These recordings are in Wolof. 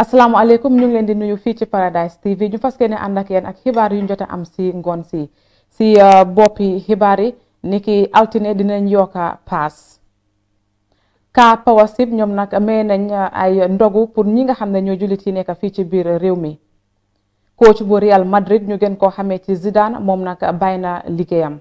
asalaamaaleykum ñu ngi leen di nuyu fii ci Paradise TV ñu fas yéene ànd ak ak xibaar yu ñu jot a am si ngoon si si uh, boppi xibaar yi niki altine dina yokka paas ka Pawasip ñoom nag may nañ uh, ay ndogu pour ñi nga xam ne ñoo jullit yi nekk fii ci biir réew mi coach bu Real Madrid ñu gën koo xamee ci Zidane moom nag bàyyi na liggéeyam.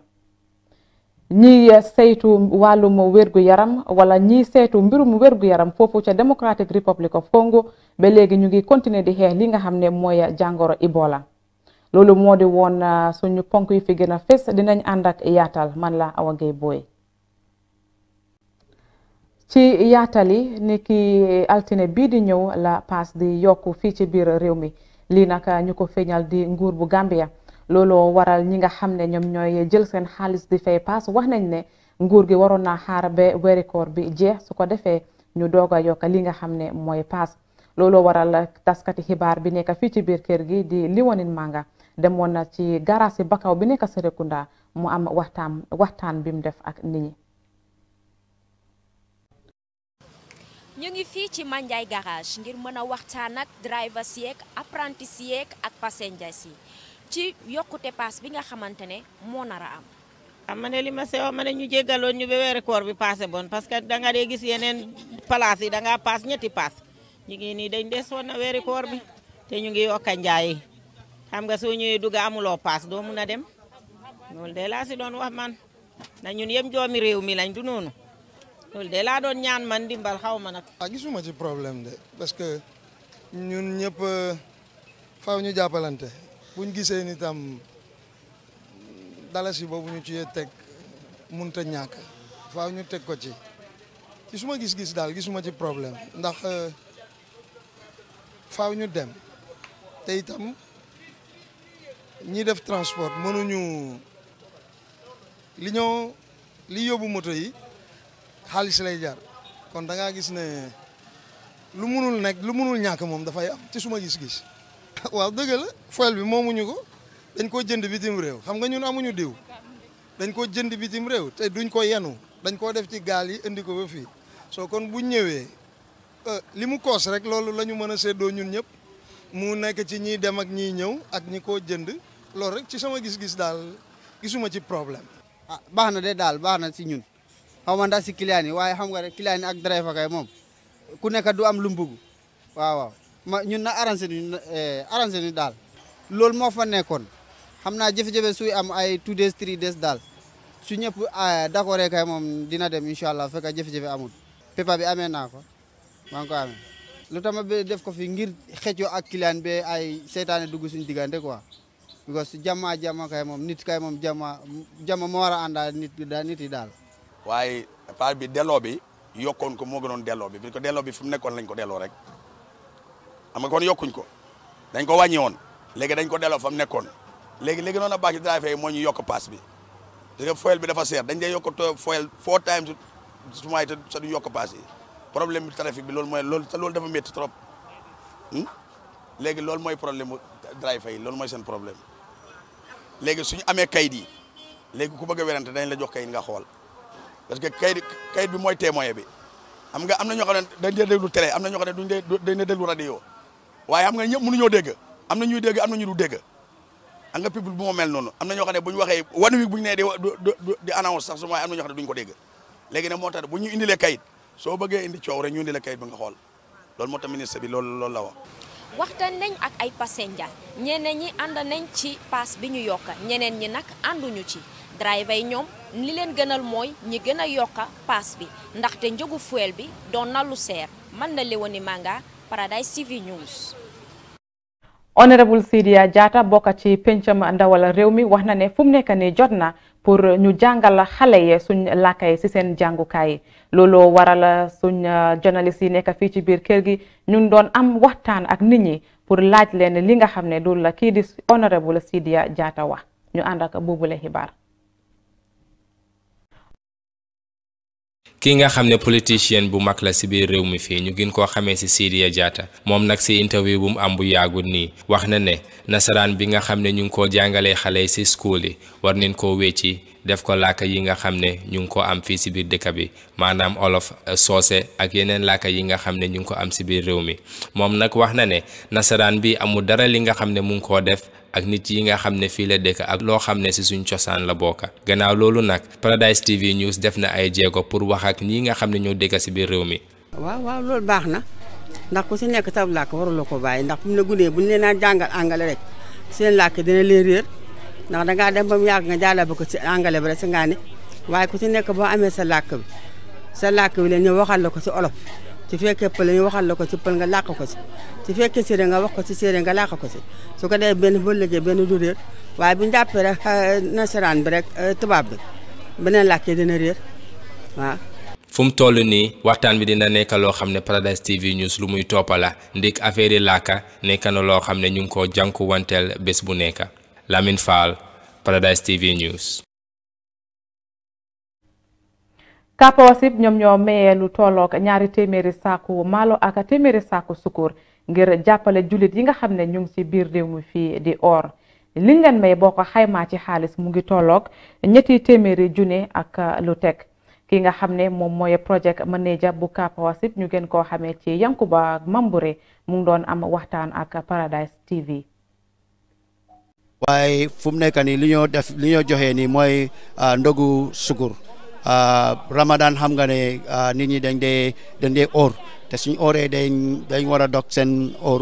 ñiy saytu wàllum wérgu yaram wala ñii saytu mbirum wérgu yaram foofu ca Democratic Republic of Congo ba léegi ñu ngi continuer di xeex li nga xam ne mooy jàngoro Ebola loolu moo di woon uh, suñu ponk yu fi gën a fés dinañ ànd ak yaatal man la Awa Gaye ci yaatal yi ni ki altine bii di ñëw la paas di yokku fii ci biir réew mi lii nag ñu ko feeñal di nguur bu Gambia looloo waral ñi nga xam ne ñoom ñooy jël seen xaalis di fay paas wax nañ ne nguur gi waroon naa xaar ba weeri bi jeex su ko defee ñu doog a yokk li nga xam ne mooy paas looloo waral taskati xibaar bi nekk fii ci biir kër gi di Liwanin Manga demoon na ci garage Bakaw bi nekk Serekunda mu am waxtaan waxtaan bi mu def ak nit ñi. ñu ngi fii ci Manjai garage ngir mën a waxtaan ak drivers yeeg apprentices yeeg ak passengers yi. ci yokkute paas bi nga xamante ne moo nar a am. am ma ne li ma sew ma ne ñu jéggaloon ñu ba weeri koor bi paase bon parce que da nga dee gis yeneen place yi da ngaa paas ñetti paas ñu ngi nii dañ desoon na weeri bi te ñu ngi yokk a njaay xam nga soo ñëwee dugg amuloo paas doo mun a dem loolu de laa si doon wax man na ñun yëpp joomi réew mi lañ du noonu loolu de laa doon ñaan man dimbal xaw ma nag. ah gisuma ci problème de parce que ñun ñëpp faaw ñu jàppalante. bu ñu gisee ni tam dalasi boobu ñu ci teg mënut a ñàkk faw ñu teg ko ci ci suma gis-gis daal gisuma ci problème ndax euh, faw ñu dem te itam ñi def transport mënuñu li ñoo li yóbbu moto yi xaalis lay jar kon da gis ne lu munul nekk lu munul ñàkk moom dafay am ci suma gis-gis waaw dëgg la foel bi moomuñu ko dañ koo jënd bitim réew xam nga ñun amuñu diw dañ koo jënd bitim réew te duñ ko yenu dañ koo def ci gaal yi indi ko ba fii soo kon bu ñëwee euh, li mu koos rek loolu la ñu mën a séddoo ñun ñëpp mu nekk ci ñiy dem ak ñiy ñëw ak ñi ko jënd loolu rek ci sama gis-gis daal gisuma ci problème. a ah, baax na dee daal baax na si ñun xaw ma si client yi waaye xam nga rek client yi ak driver kay moom ku nekk du am lu waaw. ma ñun na arrangé ñu eh, arrangé daal loolu moo fa nekkoon xam naa jafe-jafe suy am ay two days three days daal su ñëpp eh, d'accord kay moom dina dem incha allah fekk jafe-jafe amul pepa bi amee naa ko maa ngi ko amee lu tax ma def ko fi ngir xëccoo ak client be ay seytaane dugg suñu diggante quoi because jàmma jàmma kay moom nit kay moom jama jàmma moo war àndaal nit nit yi daal waaye part bi delloo bi yokkoon ko moo gënoon delloo bi parce que delloo bi fu nekkoon lañ ko delloo rek xam na kon yokkuñ ko dañ ko wàññi woon léegi dañ ko delloo fa nekkoon léegi léegi noonu a baax ci driver moo ñu yokk paas bi parce que fuel bi dafa seer dañ dee yokk to fuel four times te sa duñ yokk paas yi problème bi trafic bi loolu mooy loolu te loolu dafa métti hmm? léegi loolu mooy problème mu driver yi loolu mooy seen problème léegi suñu amee kayit yi léegi ku bëgg a werante dañ la jox kayit nga xool parce que kayit kayit bi mooy témoin bi am na ñoo xam ne dañ dee déglu télé am na ñoo xam ne duñ dee dañ dee déglu radio waaye xam nga ñëpp mënuñoo dégg am na ñuy dégg am na ñu du dégg am nga public bu ma mel noonu am na ñoo xam ne bu ñu waxee one week bu ñu nee di di annonce sax su ma am na ñoo xam ne duñ ko dégg léegi nag moo tax bu ñu indilee kayit soo bëggee indi coow rek ñu indilee kayit ba nga xool loolu moo tax ministre bi loolu loolu la wax. waxtaan nañ ak ay passenger ñeneen ñi ànd nañ ci paas bi ñu yokka ñeneen ñi nag ànduñu ci driver yi ñoom li leen gënal mooy ñi gën a yokka paas bi ndaxte njëgu fuel bi doon na lu seer mën na leewani manga Paradise TV News. honorable Sidia Jatta bokk ci pencam ndawal réew mi wax na ne fu mu nekk nii jot na pour ñu jàngal xale yi suñ làkkay si seen jàngukaay yi looloo waral suñ journaliste yi nekk fii ci biir kër gi ñu doon am waxtaan ak nit ñi pour laaj leen li nga xam ne loolu la kii di honorable Sidia jaata wax ñu ànd ak boobule xibaar. kii nga xam ne politicien bu mag la si biir réew mi fii ñu gën koo xamee si Sidia jaata moom nag si interview bu mu am bu yaagul nii wax na ne nasaraan bi nga xam ne ñu ngi koo jàngalee xale yi si school yi war nañ koo wecci def ko làkka yi nga xam ne ñu ngi ko am fii si biir dëkk bi maanaam olof euh, soose ak yeneen làkka yi nga xam ne ñu ngi ko am si biir réew mi moom nag wax na ne nasaraan bi amul dara li nga xam ne mu ngi koo def ak nit yi nga xam ne fii la dëkk ak loo xam ne si suñ cosaan la bokka gannaaw loolu nag Paradise TV News def na ay jéego pour wax ak ñi nga xam ne ñoo dëkk si biir réew mi. waaw waaw loolu baax na ndax ku si nekk sab làkk waruloo ko bàyyi ndax bu la ndax dangaa dem ba mu yàgg nga jàllale ko ci anglais bi rek si ngaa ne waaye ku ci nekk boo amee sa làkk bi sa làkk bi la ñu waxal la ko si olof su fekkee pël ñu waxal la ko si nga làkk ko si su fekkee séeréer nga wax ko si séeréer nga làkk ko si su ko dee benn boo lëggee benn du réer waaye bu ñu jàppee rek euh, nasaraan bi rek euh, tubaab beneen làkk yi dina fu mu toll nii waxtaan bi dina nekk loo xam ne Paradise TV News lu muy toppala ndik affaire yi làkk nekk na loo xam ne ñu ngi koo jànkuwanteel bés bu nekk. Lamine Fall Paradise TV News. Kapaosib ñoom ñoo mayee lu tolloog ñaari téeméeri saaku maalo ak téeméeri saaku sukur ngir jàppale julit yi nga xam ne ñu ngi ci biir réew mi fii di or liñ leen may boo ko xaymaa ci xaalis mu ngi tolloog ñetti téeméeri junne ak lu teg ki nga xam ne moom mooy project manager bu Kapaosib ñu geen koo xamee ci Yankuba Mambure mu ngi doon am waxtaan ak Paradise TV. waaye fu mu nekk nii li ñoo def li ñoo joxe nii mooy ah, ndogu sukur ah, Ramadan xam nga ne ah, nit ñi dañ dee dañ dee or te suñ oree dañ dañ war a dog seen or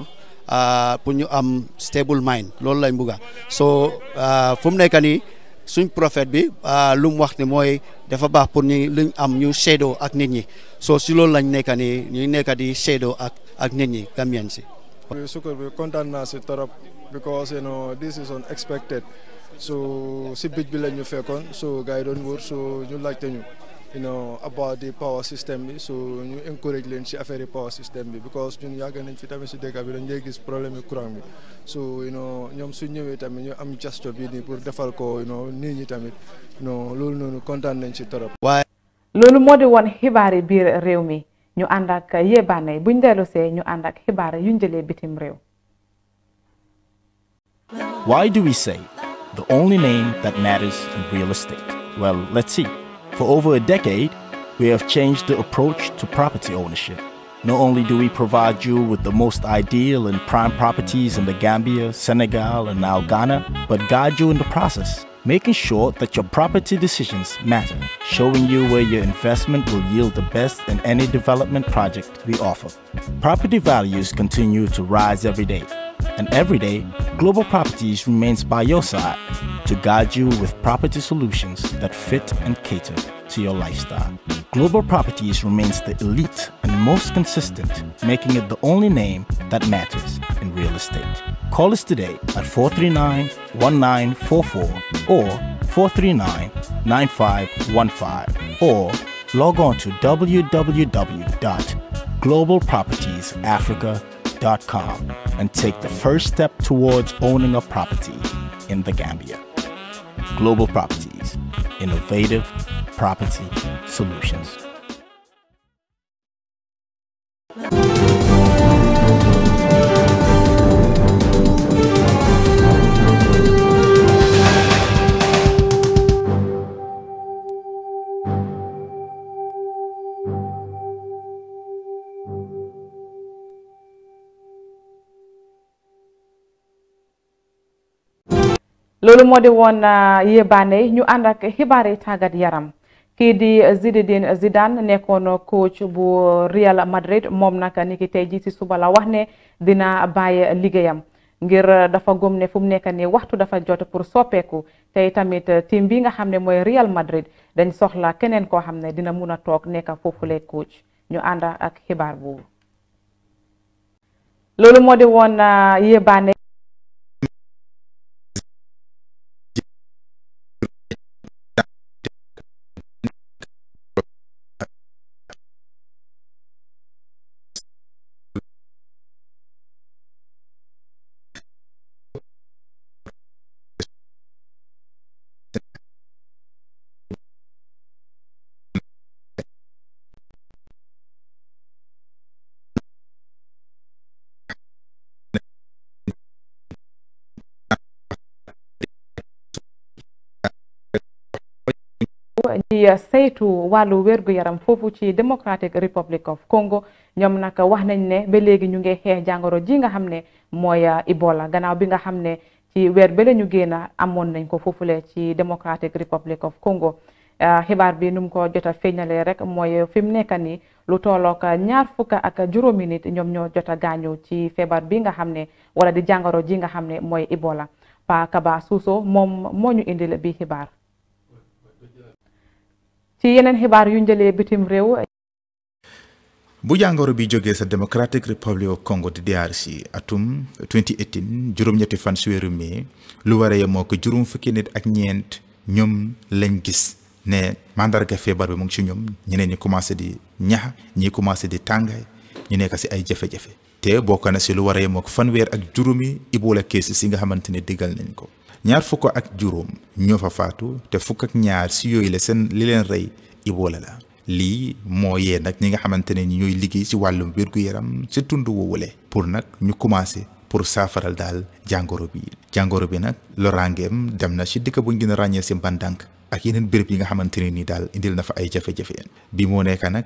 pour ñu am stable mind loolu lañ bugga so fu mu nekk nii suñ profet bi lu mu wax ni mooy dafa baax pour ñu luñ am ñu seedoo ak nit ñi soo si loolu lañ nekk nii ñu nekk di seedoo ak ak nit ñi Gambien si. si because you know this is unexpected so si bij bi la ñu fekkoon so gars yi doon wóor so ñu laajte ñu you know about di power system bi so ñu encourage leen si affaire yi power system bi because ñun yàgg nañ fi tamit si dëkk bi dañ lay gis problème bi so you know ñoom su ñëwee tamit ñu am jasto bi nii pour defal ko you know ñi tamit non loolu noonu kontaan nañ si torop waaye loolu moo di woon xibaari biir réew mi ñu ànd ak yebaane buñ dellu see ñu ànd ak xibaar yu njëlee bitim réew Why do we say the only name that matters in real Well, let's see. For over a decade, we have changed the approach to property ownership. Not only do we provide you with the most ideal and prime properties in the Gambia, Senegal, and now Ghana, but guide you in the process, making sure that your property decisions matter, showing you where your investment will yield the best in any development project we offer. Property values continue to rise every Global Properties remains by your side to guide you with property solutions that fit and cater to your lifestyle. Global Properties remains the elite and most consistent, making it the only name that matters in real estate. Call us today at 439 1944 or 439 9515 or log on to www.globalpropertiesafrica.com gambia.com and take the first step towards owning a property in the Gambia. Global Properties, innovative property solutions. loolu moo di woon uh, yébaane yi ñu ànd ak xibaar yi tàggat yaram kii di Zinedine Zidane nekkoon coach bu Real Madrid moom nag ni ki tey ji si suba la wax ne dina bàyyi liggéeyam ngir dafa gëm ne fu mu nekk nii waxtu dafa jot pour soppeeku tey tamit team bi nga xam ne mooy Real Madrid dañ soxla keneen koo xam ne dina mun a toog nekk foofule coach ñu ànd ak xibaar boobu. loolu moo di woon uh, yébaane di saytu wàllu wér-gu-yaram foofu ci Democratic Republic of Congo ñoom nag wax nañ ne ba léegi ñu ngi xeex jàngoro ji nga xam ne mooy uh, Ebola ganaaw bi nga xam ne ci weer bële ñu génn amoon nañ ko foofule ci Democratic Republic of Congo uh, xibaar bi nu mu ko jot a feeñalee rek mooy fi mu nekk nii lu tollook ñaar fukk ak juróomi nit ñoom ñoo jot a gaañu ci feebar bi nga xam ne wala di jàngoro ji nga xam ne mooy Ebola Pa Kaba suuso moom moo ñu indil bi xibaar. ci yeneen xibaar yu njëlee bitim réew. bu jàngoro bi jógee sa Democratic Republic of Congo di DRC atum 2018 juróom-ñetti fan si weeru mai lu waree ya moo ko juróom fukki nit ak ñeent ñoom lañ gis ne mandarga feebar bi mu ngi ci ñoom ñeneen ñi commencé di ñax ñi commencé di tàngaay ñu nekk si ay jafe-jafe te bokk na si lu waree ya mook ko fanweer ak juróomi Ebola cases si nga xamante ne diggal nañ ko. ñaar fukk ak juróom ñoo fa faatu te fukk ak ñaar si yooyu la seen li leen rey Ebola la lii moo yee nag ñi nga xamante ne ni ñooy liggéey si wàllum wér yaram si tund woowule pour nag ñu commencé pour saafaral daal jàngoro bi jàngoro bi nag loraangeem dem na si dikk bu ñu gën a ràññee si Mbandànk ak yeneen béréb yi nga xamante ne ni daal indil na fa ay jafe-jafe bi moo nekk nag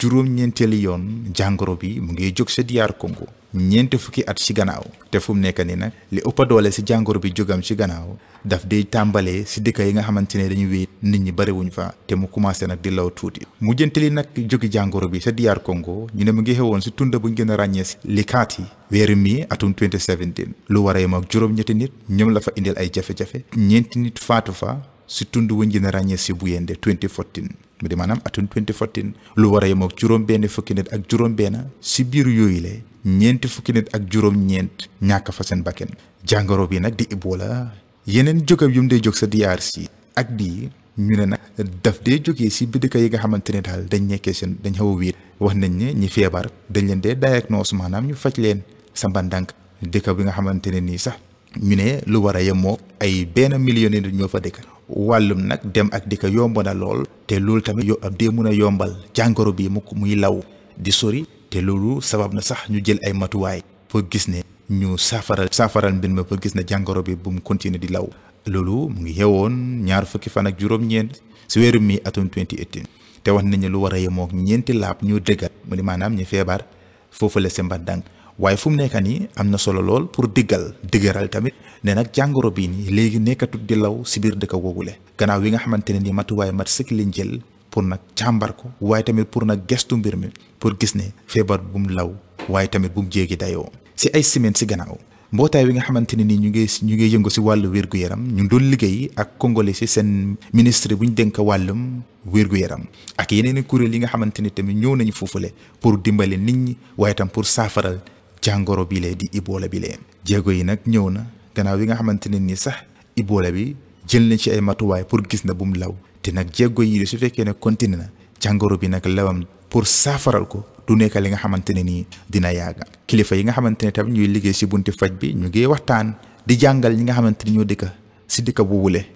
juróom-ñeenteeli yoon jàngoro bi mu ngi jóg sa diyaar Congo ñeent fukki at ci gannaaw te fu mu nekk nii nag li ëpp doole si jàngoro bi jógam ci gannaaw daf day tàmbalee si dëkk yi nga xamante ne dañu wéet nit ñi bariwuñ fa te mu commencé nag di law tuuti mu jëntali nag jógi jàngoro bi sa diyaar Congo ñu ne mu ngi xewoon ci tunda buñ gën a ràññee ci Likati weeru mi atum 2017 lu waree moog juróom nit ñoom la fa indil ay jafe-jafe nit faatu fa si tund wu gën a si bu yende 2014 mu di maanaam atum 2014 lu war a yemook juróom-benn fukki nit ak juróom-benn si biir yooyu le ñeenti fukki nit ak juróom-ñeent ñàkk fa seen bakken jàngoro bii nag di Ebola yeneen jógab yum day jog sa DRC ak bii ñu ne nag daf dee jógee si bi bidika yi nga xamante ne daal dañ nekkee seen dañ xaw a wéet wax nañ ne ñi feebar dañ leen dee day ak diagnose maanaam ñu faj leen samba ndànk dëkk bi nga xamante ne nii sax ñu ne lu war a yemoo ay benn million nit ñoo fa dëkk wàllum nag dem ak di ko yomb na lool te loolu tamit yo dee mun a yombal jàngoro bi mu muy law di sori te loolu sabab na sax ñu jël ay matuwaay pour gis ne ñu saafaral saafaral mbir ma pour gis ne jàngoro bi bu mu continuer di law loolu mu ngi yewoon ñaar fukki fan ak juróom-ñeent si weeru mi atum 2018 te wax nañu lu war a yemook ñeenti laab ñu dëggat mu ni maanaam ñu feebar foofu la si mbandang waaye fu mu nekk nii am na solo lool pour diggal dëgëral tamit ne nag jàngoro bii nii léegi nekkatut di law si biir dëkk woogule gannaaw yi nga xamante ne ni matuwaay mat sëkk lañ jël pour nag càmbarko waaye tamit pour nag gestu mbir mi pour gis ne feebar bu mu law waaye tamit bu mu jéegi dayoo si ay semaine si gannaaw mbootaay wi nga xamante ne ni ñu ngi ñu ngi yëngu si wàllu wér-gu-yaram ñu doon liggéey ak congolais si seen ministre bu ñu dénk wàllum wér-gu-yaram ak yeneen i kuréel yi nga xamante ni tamit ñëw nañu foofule pour dimbale nit ñi waaye tam pour saafaral bii bile di Ebola bile. jéego yi nag ñëw na gannaaw yi nga xamante ne ni sax Ebola bi jël na ci ay matuwaay pour gis na bu mu law te nag jéego yi de su fekkee ne continué na jàngoro bi nag lawam pour saafaral ko. du nekk li nga xamante ne nii dina yàgg kilifa yi nga xamante ne tam ñuy liggéey si bunti faj bi ñu ngi waxtaan di jàngal ñi nga xamante ni ñoo dëkk si dëkk bu lañ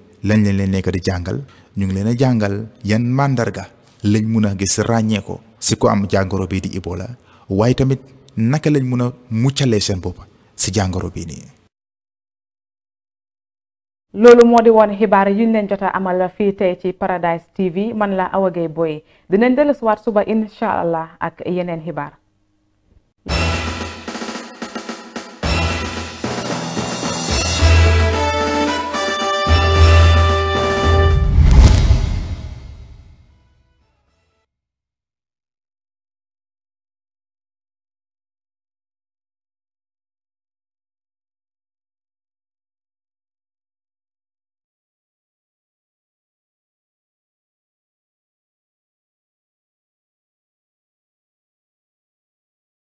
leen leen nekk di jàngal ñu ngi leen a jàngal yan màndarga lañ mun a gis ràññee ko si ko am jàngoro bii di Ebola waaye tamit naka lañ mun a muccalee seen si jàngoro bii nii. loolu moo di woon xibaar yi ñu leen jot amal fii tey ci Paradise TV man la Awa Gaye Boye dinañ dellusiwaat suba incha allah ak yeneen xibaar.